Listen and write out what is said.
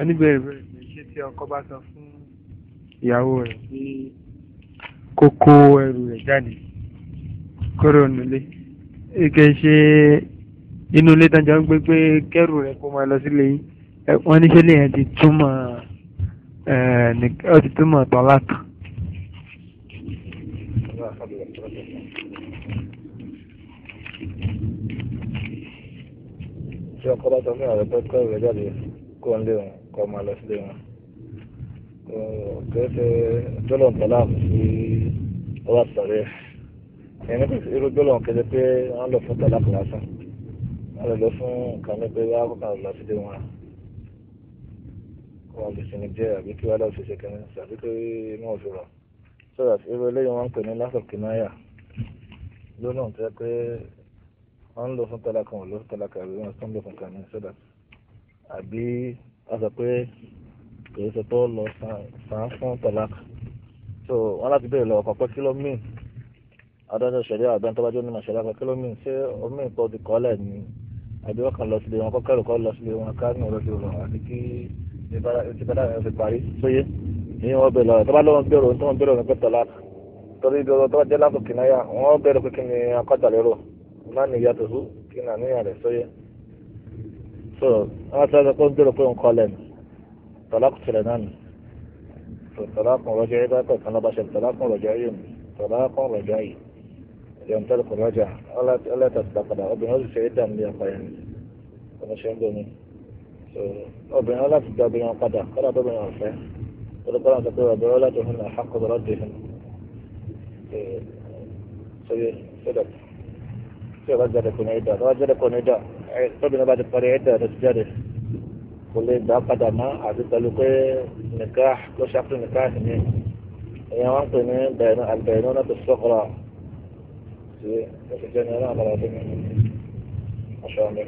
oníbẹ̀rẹ̀ bẹ̀rẹ̀ pé ṣé tí ọkọ bá sọ fún ìyàwó rẹ̀ pé kó kó ẹrù rẹ̀ jáde kúrò nílé ike ṣe inú ilé tán jọ ń gbé pé kẹrù rẹ̀ kó máa lọ sílé yín wọ́n ní ṣẹlẹ̀ yẹn ti túmọ̀ ọ ti túmọ̀ tọ́lá kan. ṣé ọkọ bá sọ fún ìyàwó pé kẹrù rẹ̀ jáde kó ń lé wọn kó máa lọ sílé wọn kẹsẹ̀ jọlọ̀ ntọ́lá sí ọba sọ̀rẹ́ ẹni kò sí irú jọlọ̀ kẹsẹ̀ pé wọ́n lọ fún tọ́lá kọlá sàn wọ́n lọ lọ fún nǹkan ní a wọ́n á kọ́kọ́ lọ sílé wọn kó wọn lè sinmi díẹ̀ àbí kí wọ́n lọ sí ṣe kẹ́ni àbí kí wọ́n fi rọ̀ sọ̀rọ̀ irú eléyìí wọ́n ń pè ní lásọ̀ kìnnáyà lónà tó yẹ pé wọ́n ń lọ fún tọ́lá kan ò lọ fún tọ́lá kan àbí wọ́n ń lọ àbí a sọ pé kò sọ pé ó lọ san fún tọ́lákà so wọn láti béèrè lọ ọkọ pé kí ló mìn adájọ́ ṣẹlẹ̀ àgbẹ tó bá jẹ onímọ̀ ṣẹlẹ̀ kí ló mìn ṣé omi ìpọ ti kọlẹ ni àbí wọn kàn lọ sílé wọn kọkẹrù kọ lọ sílé wọn ká ní ọ̀rọ̀ sílé wọn àti kí ti bá dáhùn fi parí sóyè ní wọn bẹ̀rẹ̀ lọ tó bá lọ́wọ́ bẹ̀rẹ̀ ohun tó wọn bẹ̀rẹ̀ ohun pẹ̀tọ́ la torí ibi ọ̀rọ̀ tó bá jẹ́ látò kìnnáyà wọn bẹ̀rẹ̀ pé kí ni akọ́jà lérò má ní ìyá tó kí ni àníyàn rẹ̀ sóyè so àwọn sọ pé ń dúró pé ń kọ́ lẹ́nu tọ́lákù tilẹ̀ náà nù so tọ́lákù rọ́jà yìí dákọ̀ kan lọ́ba ṣe tọ́lákù rọ́jà yìí nù tọ́lákù rọ́jà yìí yẹn tọ́lù kò rọ́jà ọlọ́tà ti dàpadà obìnrin ó sì ṣe é dàmú ní ọkọ yẹn ọmọ ṣe so obìnrin ọlọ́tà ti dà obìnrin padà kọ́dà tó obìnrin ọ̀fẹ́ olùkọ́ náà sọ pé obìnrin ọlọ́tà òun náà hàkọ́ bọ̀rọ̀ dé fún un ṣe ṣe dà tí ọba jáde kò ní í tóbìnrin bá ti parí ẹ̀dà ló ti jáde kò lè gbà padà mọ́ àti pẹ̀lú pé nìka ló ṣàkóso nìka ni èèyàn wá ń pè ní bẹ̀rẹ̀ àlùbẹ̀rẹ̀ náà tó sọ̀kọ̀rọ̀ sí ẹ̀ṣẹ̀ jẹ́ ní ọlọ́run àbàlà tó ní ọ̀ṣọ́ mi.